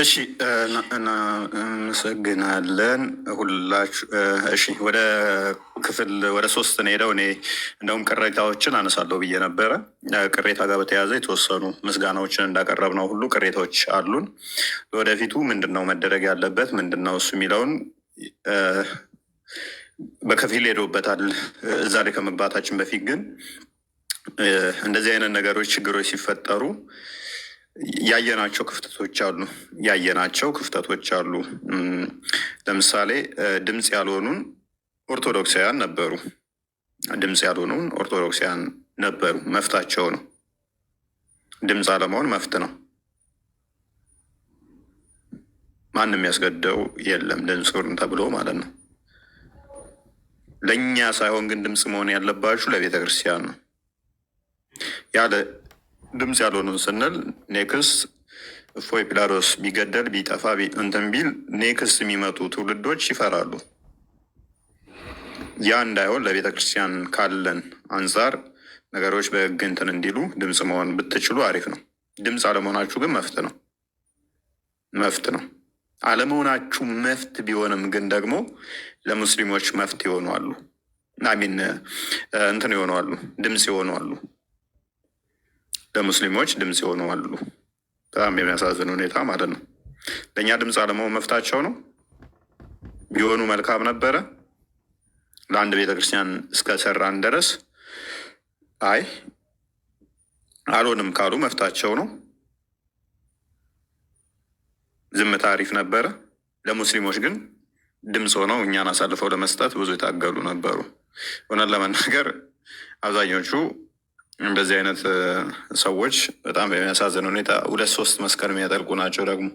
እሺ እናመሰግናለን ሁላችሁ። እሺ ወደ ክፍል ወደ ሶስት ሄደው እኔ እንደውም ቅሬታዎችን አነሳለሁ ብዬ ነበረ። ቅሬታ ጋር በተያያዘ የተወሰኑ ምስጋናዎችን እንዳቀረብ ነው ሁሉ ቅሬታዎች አሉን። ወደፊቱ ምንድን ነው መደረግ ያለበት ምንድን ነው እሱ የሚለውን በከፊል ሄዶበታል። እዛ ላይ ከመግባታችን በፊት ግን እንደዚህ አይነት ነገሮች ችግሮች ሲፈጠሩ ያየናቸው ክፍተቶች አሉ። ያየናቸው ክፍተቶች አሉ። ለምሳሌ ድምፅ ያልሆኑን ኦርቶዶክሳውያን ነበሩ። ድምፅ ያልሆኑን ኦርቶዶክሳውያን ነበሩ። መፍታቸው ነው። ድምፅ አለመሆን መፍት ነው። ማንም ያስገደው የለም ድምፅ ተብሎ ማለት ነው። ለእኛ ሳይሆን ግን ድምፅ መሆን ያለባችሁ ለቤተ ክርስቲያን ነው ያለ ድምፅ ያልሆኑን ስንል ኔክስ እፎይ ፒላሮስ ቢገደል ቢጠፋ እንትን ቢል ኔክስ የሚመጡ ትውልዶች ይፈራሉ። ያ እንዳይሆን ለቤተ ክርስቲያን ካለን አንጻር ነገሮች በህግ እንትን እንዲሉ ድምፅ መሆን ብትችሉ አሪፍ ነው። ድምፅ አለመሆናችሁ ግን መፍት ነው መፍት ነው። አለመሆናችሁ መፍት ቢሆንም ግን ደግሞ ለሙስሊሞች መፍት ይሆናሉ። አሚን እንትን ይሆናሉ፣ ድምፅ ይሆናሉ። ለሙስሊሞች ድምፅ የሆኑ አሉ። በጣም የሚያሳዝን ሁኔታ ማለት ነው። ለእኛ ድምፅ አለመሆን መፍታቸው ነው። ቢሆኑ መልካም ነበረ። ለአንድ ቤተክርስቲያን እስከሰራን ድረስ አይ አልሆንም ካሉ መፍታቸው ነው። ዝምታ አሪፍ ነበረ። ለሙስሊሞች ግን ድምፅ ሆነው እኛን አሳልፈው ለመስጠት ብዙ የታገሉ ነበሩ። እውነት ለመናገር አብዛኞቹ እንደዚህ አይነት ሰዎች በጣም በሚያሳዝን ሁኔታ ሁለት ሶስት መስቀል የሚያጠልቁ ናቸው። ደግሞ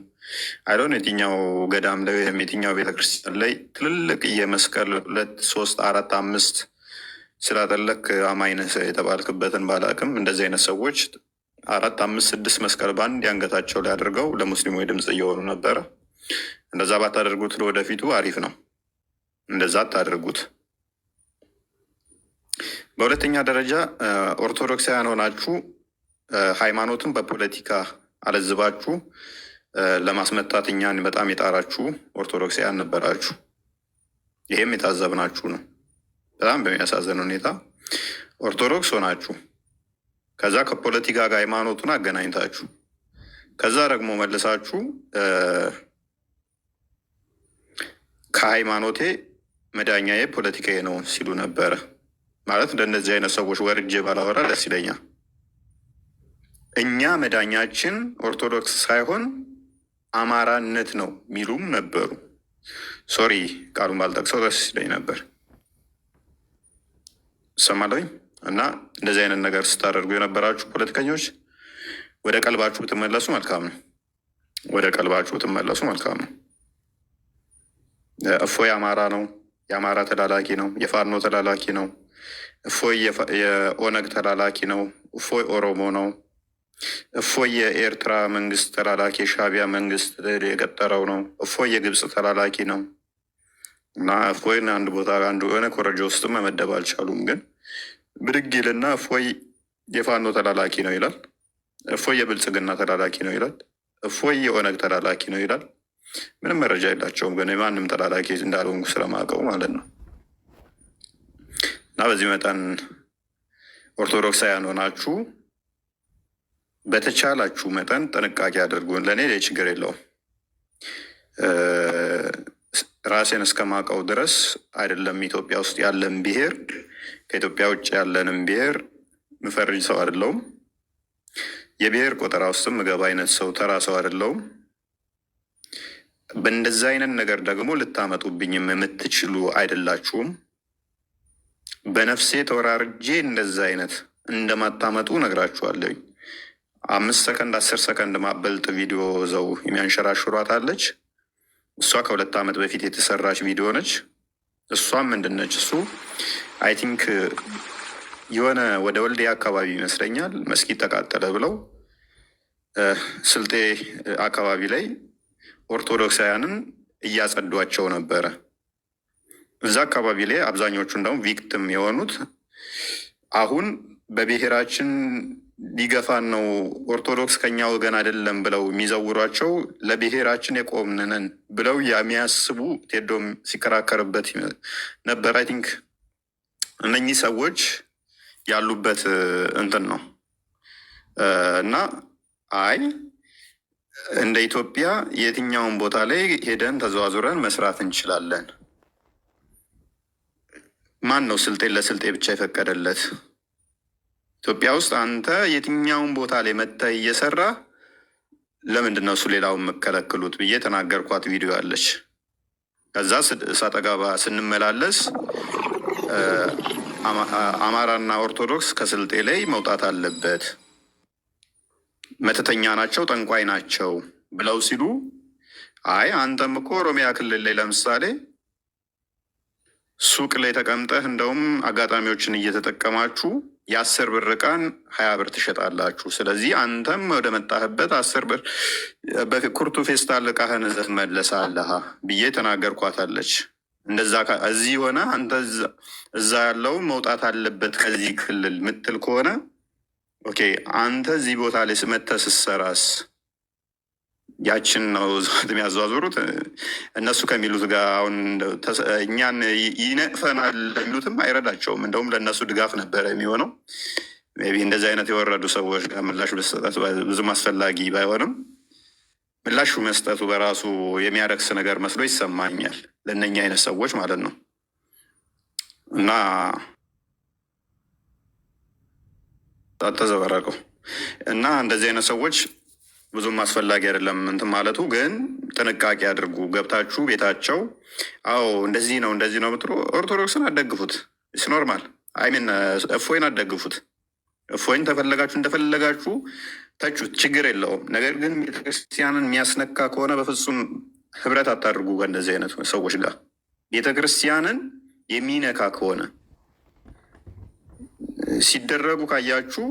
አይሎን የትኛው ገዳም ላይ ወይም የትኛው ቤተክርስቲያን ላይ ትልልቅ የመስቀል ሁለት ሶስት አራት አምስት ስላጠለክ አማይነት የተባልክበትን ባላቅም እንደዚህ አይነት ሰዎች አራት አምስት ስድስት መስቀል በአንድ አንገታቸው ላይ አድርገው ለሙስሊሙ ድምፅ እየሆኑ ነበረ። እንደዛ ባታደርጉት ለወደፊቱ አሪፍ ነው። እንደዛ አታደርጉት። በሁለተኛ ደረጃ ኦርቶዶክሳውያን ሆናችሁ ሃይማኖትን በፖለቲካ አለዝባችሁ ለማስመታት እኛን በጣም የጣራችሁ ኦርቶዶክሳውያን ነበራችሁ። ይህም የታዘብናችሁ ነው። በጣም በሚያሳዝን ሁኔታ ኦርቶዶክስ ሆናችሁ ከዛ ከፖለቲካ ጋር ሃይማኖቱን አገናኝታችሁ ከዛ ደግሞ መልሳችሁ ከሃይማኖቴ መዳኛዬ ፖለቲካዬ ነው ሲሉ ነበረ። ማለት እንደነዚህ አይነት ሰዎች ወርጄ ባላወራ ደስ ይለኛል። እኛ መዳኛችን ኦርቶዶክስ ሳይሆን አማራነት ነው የሚሉም ነበሩ። ሶሪ ቃሉን ባልጠቅሰው ደስ ይለኝ ነበር። ሰማለኝ እና እንደዚህ አይነት ነገር ስታደርጉ የነበራችሁ ፖለቲከኞች ወደ ቀልባችሁ ብትመለሱ መልካም ነው። ወደ ቀልባችሁ ብትመለሱ መልካም ነው። እፎ የአማራ ነው፣ የአማራ ተላላኪ ነው፣ የፋኖ ተላላኪ ነው እፎይ የኦነግ ተላላኪ ነው። እፎይ ኦሮሞ ነው። እፎይ የኤርትራ መንግስት ተላላኪ የሻቢያ መንግስት የቀጠረው ነው። እፎይ የግብፅ ተላላኪ ነው እና እፎይን አንድ ቦታ አንዱ የሆነ ኮረጆ ውስጥም መመደብ አልቻሉም። ግን ብድግ ይልና እፎይ የፋኖ ተላላኪ ነው ይላል። እፎይ የብልጽግና ተላላኪ ነው ይላል። እፎይ የኦነግ ተላላኪ ነው ይላል። ምንም መረጃ የላቸውም። ግን የማንም ተላላኪ እንዳልሆንኩ ስለማውቀው ማለት ነው። እና በዚህ መጠን ኦርቶዶክሳውያን ሆናችሁ በተቻላችሁ መጠን ጥንቃቄ አድርጉን። ለእኔ ላይ ችግር የለውም። ራሴን እስከማውቀው ድረስ አይደለም ኢትዮጵያ ውስጥ ያለን ብሄር ከኢትዮጵያ ውጭ ያለንም ብሄር ምፈርጅ ሰው አይደለውም። የብሔር ቆጠራ ውስጥም ምገባ አይነት ሰው ተራ ሰው አይደለውም። በእንደዚ አይነት ነገር ደግሞ ልታመጡብኝም የምትችሉ አይደላችሁም። በነፍሴ ተወራርጄ እንደዛ አይነት እንደማታመጡ ነግራችኋለሁ። አምስት ሰከንድ አስር ሰከንድ ማበልጥ ቪዲዮ ዘው የሚያንሸራሽሯት አለች። እሷ ከሁለት ዓመት በፊት የተሰራች ቪዲዮ ነች። እሷም ምንድነች እሱ አይ ቲንክ የሆነ ወደ ወልዴ አካባቢ ይመስለኛል መስጊድ ተቃጠለ ብለው ስልጤ አካባቢ ላይ ኦርቶዶክሳውያንን እያጸዷቸው ነበረ። እዛ አካባቢ ላይ አብዛኞቹ እንደውም ቪክትም የሆኑት አሁን በብሔራችን ሊገፋን ነው ኦርቶዶክስ ከኛ ወገን አይደለም ብለው የሚዘውሯቸው ለብሔራችን የቆምንንን ብለው የሚያስቡ ቴዶም ሲከራከርበት ነበር። አይ ቲንክ እነኚህ ሰዎች ያሉበት እንትን ነው እና አይ እንደ ኢትዮጵያ የትኛውን ቦታ ላይ ሄደን ተዘዋዙረን መስራት እንችላለን ማን ነው ስልጤን ለስልጤ ብቻ የፈቀደለት? ኢትዮጵያ ውስጥ አንተ የትኛውን ቦታ ላይ መጥተህ እየሰራ ለምንድን ነው እሱ ሌላውን መከለክሉት ብዬ ተናገርኳት። ቪዲዮ አለች። ከዛ ሳጠጋባ ስንመላለስ አማራና ኦርቶዶክስ ከስልጤ ላይ መውጣት አለበት፣ መተተኛ ናቸው፣ ጠንቋይ ናቸው ብለው ሲሉ አይ አንተም እኮ ኦሮሚያ ክልል ላይ ለምሳሌ ሱቅ ላይ ተቀምጠህ እንደውም አጋጣሚዎችን እየተጠቀማችሁ የአስር ብር ዕቃን ሀያ ብር ትሸጣላችሁ። ስለዚህ አንተም ወደ መጣህበት አስር ብር በኩርቱ ፌስታል ዕቃህን ይዘህ ትመለሳለህ ብዬ ተናገርኳታለች። እንደዛ እዚህ ሆነ አንተ እዛ ያለው መውጣት አለበት ከዚህ ክልል ምትል ከሆነ ኦኬ አንተ እዚህ ቦታ ላይ መተህ ያችን ነው የሚያዘዋዝሩት እነሱ ከሚሉት ጋር አሁን እኛን ይነቅፈናል ለሚሉትም አይረዳቸውም። እንደውም ለእነሱ ድጋፍ ነበረ የሚሆነው። ቢ እንደዚህ አይነት የወረዱ ሰዎች ጋር ምላሽ መስጠት ብዙም አስፈላጊ ባይሆንም ምላሹ መስጠቱ በራሱ የሚያረክስ ነገር መስሎ ይሰማኛል፣ ለእነኛ አይነት ሰዎች ማለት ነው እና ተዘበረቀው እና እንደዚህ አይነት ሰዎች ብዙም አስፈላጊ አይደለም እንትን ማለቱ ግን ጥንቃቄ አድርጉ። ገብታችሁ ቤታቸው አዎ እንደዚህ ነው እንደዚህ ነው ብትሉ ኦርቶዶክስን አደግፉት። ኖርማል አይሚን እፎይን አደግፉት። እፎይን ተፈለጋችሁ እንደፈለጋችሁ ተቹት፣ ችግር የለውም። ነገር ግን ቤተክርስቲያንን የሚያስነካ ከሆነ በፍጹም ህብረት አታድርጉ ከእንደዚህ አይነት ሰዎች ጋር። ቤተክርስቲያንን የሚነካ ከሆነ ሲደረጉ ካያችሁ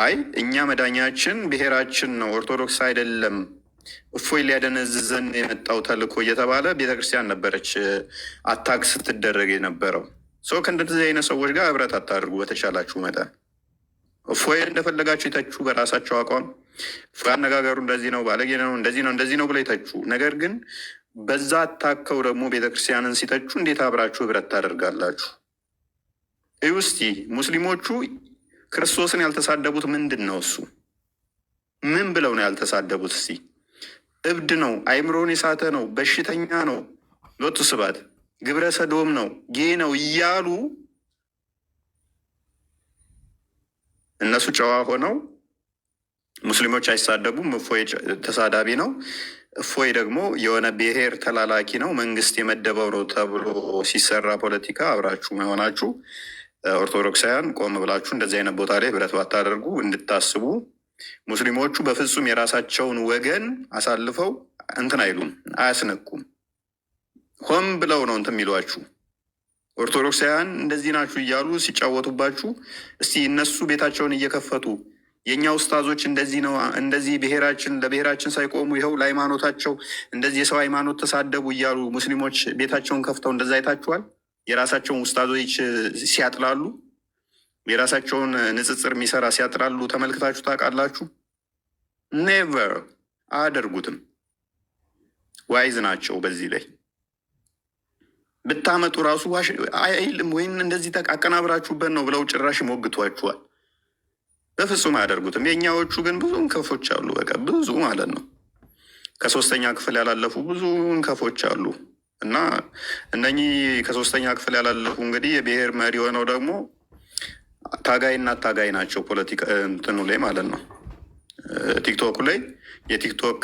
አይ እኛ መዳኛችን ብሔራችን ነው፣ ኦርቶዶክስ አይደለም፣ እፎይ ሊያደነዝዘን የመጣው ተልእኮ እየተባለ ቤተክርስቲያን ነበረች አታክ ስትደረግ የነበረው ሰው። ከእንደዚህ አይነት ሰዎች ጋር ህብረት አታድርጉ በተቻላችሁ መጠን። እፎይ እንደፈለጋችሁ ይተቹ በራሳቸው አቋም። እፎይ አነጋገሩ እንደዚህ ነው፣ ባለጌ ነው፣ እንደዚህ ነው፣ እንደዚህ ነው ብለው ይተቹ። ነገር ግን በዛ አታከው ደግሞ ቤተክርስቲያንን ሲተቹ እንዴት አብራችሁ ህብረት ታደርጋላችሁ? ይህ ሙስሊሞቹ ክርስቶስን ያልተሳደቡት ምንድን ነው? እሱ ምን ብለው ነው ያልተሳደቡት? እስቲ እብድ ነው፣ አይምሮን የሳተ ነው፣ በሽተኛ ነው፣ ሎቱ ስባት ግብረ ሰዶም ነው፣ ጌ ነው እያሉ እነሱ ጨዋ ሆነው ሙስሊሞች አይሳደቡም፣ እፎይ ተሳዳቢ ነው፣ እፎይ ደግሞ የሆነ ብሔር ተላላኪ ነው፣ መንግስት የመደበው ነው ተብሎ ሲሰራ ፖለቲካ አብራችሁ መሆናችሁ ኦርቶዶክሳውያን ቆም ብላችሁ እንደዚህ አይነት ቦታ ላይ ህብረት ባታደርጉ እንድታስቡ። ሙስሊሞቹ በፍጹም የራሳቸውን ወገን አሳልፈው እንትን አይሉም፣ አያስነቁም። ሆም ብለው ነው እንትን የሚሏችሁ። ኦርቶዶክሳውያን እንደዚህ ናችሁ እያሉ ሲጫወቱባችሁ፣ እስቲ እነሱ ቤታቸውን እየከፈቱ የእኛ ውስታዞች እንደዚህ ነው እንደዚህ ብሔራችን ለብሔራችን ሳይቆሙ ይኸው ለሃይማኖታቸው እንደዚህ የሰው ሃይማኖት ተሳደቡ እያሉ ሙስሊሞች ቤታቸውን ከፍተው እንደዛ አይታችኋል። የራሳቸውን ውስታዞች ሲያጥላሉ፣ የራሳቸውን ንጽጽር የሚሰራ ሲያጥላሉ ተመልክታችሁ ታውቃላችሁ? ኔቨር አያደርጉትም። ዋይዝ ናቸው። በዚህ ላይ ብታመጡ ራሱ አይልም ወይም እንደዚህ አቀናብራችሁበት ነው ብለው ጭራሽ ሞግቷችኋል። በፍጹም አያደርጉትም። የእኛዎቹ ግን ብዙ እንከፎች አሉ። በቃ ብዙ ማለት ነው። ከሶስተኛ ክፍል ያላለፉ ብዙ እንከፎች አሉ። እና እነኚህ ከሶስተኛ ክፍል ያላለፉ እንግዲህ የብሔር መሪ የሆነው ደግሞ ታጋይና ታጋይ ናቸው። ፖለቲካ እንትኑ ላይ ማለት ነው። ቲክቶኩ ላይ የቲክቶክ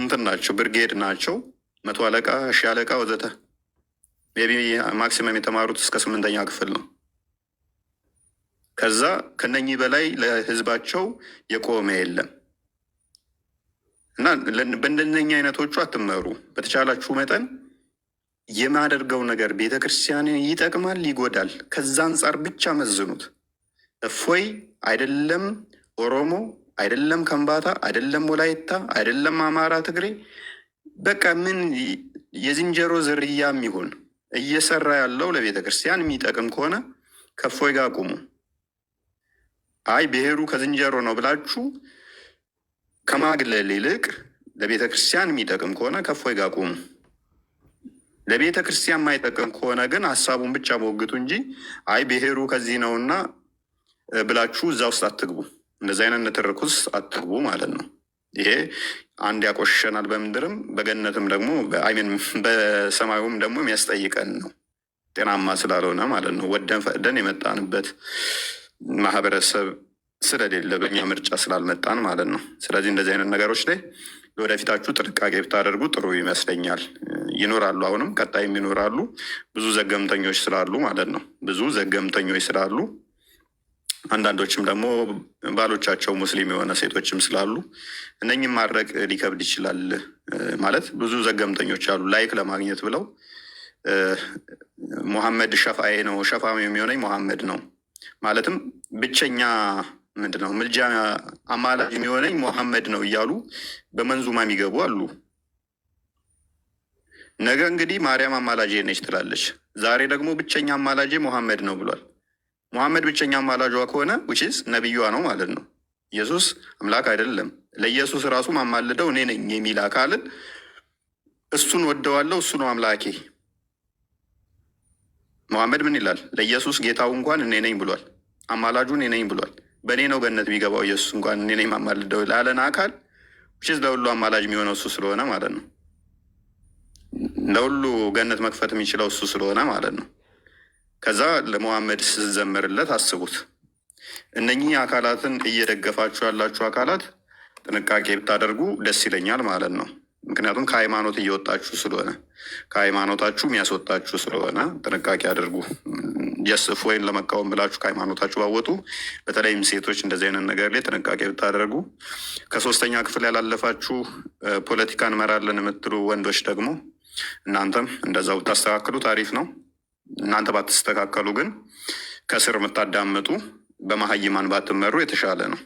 እንትን ናቸው፣ ብርጌድ ናቸው። መቶ አለቃ፣ ሺ አለቃ ወዘተ ቢ ማክሲመም የተማሩት እስከ ስምንተኛ ክፍል ነው። ከዛ ከነኚህ በላይ ለህዝባቸው የቆመ የለም። እና በእንደነኛ አይነቶቹ አትመሩ። በተቻላችሁ መጠን የማደርገው ነገር ቤተ ይጠቅማል፣ ይጎዳል፣ ከዛ አንጻር ብቻ መዝኑት። እፎይ አይደለም ኦሮሞ አይደለም ከምባታ አይደለም ወላይታ አይደለም አማራ፣ ትግሬ በቃ ምን የዝንጀሮ ዝርያ የሚሆን እየሰራ ያለው ለቤተ ክርስቲያን የሚጠቅም ከሆነ ከእፎይ ጋር ቁሙ። አይ ብሔሩ ከዝንጀሮ ነው ብላችሁ ከማግለል ይልቅ ለቤተ ክርስቲያን የሚጠቅም ከሆነ ከእፎይ ጋር ቁሙ። ለቤተ ክርስቲያን የማይጠቅም ከሆነ ግን ሀሳቡን ብቻ መወግቱ እንጂ አይ ብሔሩ ከዚህ ነውና ብላችሁ እዛ ውስጥ አትግቡ። እንደዚህ አይነት ንትርክ ውስጥ አትግቡ ማለት ነው። ይሄ አንድ ያቆሸናል፣ በምድርም በገነትም ደግሞ አይሜን በሰማዩም ደግሞ የሚያስጠይቀን ነው። ጤናማ ስላልሆነ ማለት ነው። ወደን ፈቅደን የመጣንበት ማህበረሰብ ስለሌለ በእኛ ምርጫ ስላልመጣን ማለት ነው። ስለዚህ እንደዚህ አይነት ነገሮች ላይ ወደፊታችሁ ጥንቃቄ ብታደርጉ ጥሩ ይመስለኛል። ይኖራሉ፣ አሁንም ቀጣይም ይኖራሉ። ብዙ ዘገምተኞች ስላሉ ማለት ነው። ብዙ ዘገምተኞች ስላሉ አንዳንዶችም ደግሞ ባሎቻቸው ሙስሊም የሆነ ሴቶችም ስላሉ እነኝም ማድረግ ሊከብድ ይችላል። ማለት ብዙ ዘገምተኞች አሉ ላይክ ለማግኘት ብለው ሙሐመድ ሸፋዬ ነው ሸፋ የሚሆነኝ ሙሐመድ ነው ማለትም ብቸኛ ምንድነው ምልጃ አማላጅ የሚሆነኝ ሞሐመድ ነው እያሉ በመንዙማ የሚገቡ አሉ። ነገ እንግዲህ ማርያም አማላጄ ነች ትላለች። ዛሬ ደግሞ ብቸኛ አማላጄ ሞሐመድ ነው ብሏል። ሞሐመድ ብቸኛ አማላጇ ከሆነ ውችስ ነቢዩዋ ነው ማለት ነው። ኢየሱስ አምላክ አይደለም። ለኢየሱስ ራሱ ማማልደው እኔ ነኝ የሚል አካልን እሱን ወደዋለው እሱ ነው አምላኬ። ሞሐመድ ምን ይላል? ለኢየሱስ ጌታው እንኳን እኔ ነኝ ብሏል። አማላጁ እኔ ነኝ ብሏል። በእኔ ነው ገነት የሚገባው ኢየሱስ እንኳን እኔ ማማልደው ላለን አካል ውጭ ለሁሉ አማላጅ የሚሆነው እሱ ስለሆነ ማለት ነው። ለሁሉ ገነት መክፈት የሚችለው እሱ ስለሆነ ማለት ነው። ከዛ ለመሐመድ ስትዘምርለት አስቡት። እነኚህ አካላትን እየደገፋችሁ ያላችሁ አካላት ጥንቃቄ ብታደርጉ ደስ ይለኛል ማለት ነው። ምክንያቱም ከሃይማኖት እየወጣችሁ ስለሆነ ከሃይማኖታችሁ የሚያስወጣችሁ ስለሆነ ጥንቃቄ አድርጉ። ጀስፍ ወይን ለመቃወም ብላችሁ ከሃይማኖታችሁ ባወጡ፣ በተለይም ሴቶች እንደዚህ አይነት ነገር ላይ ጥንቃቄ ብታደርጉ። ከሶስተኛ ክፍል ያላለፋችሁ ፖለቲካ እንመራለን የምትሉ ወንዶች ደግሞ እናንተም እንደዛው ብታስተካክሉ ታሪፍ ነው። እናንተ ባትስተካከሉ ግን ከስር የምታዳምጡ በመሀይማን ባትመሩ የተሻለ ነው።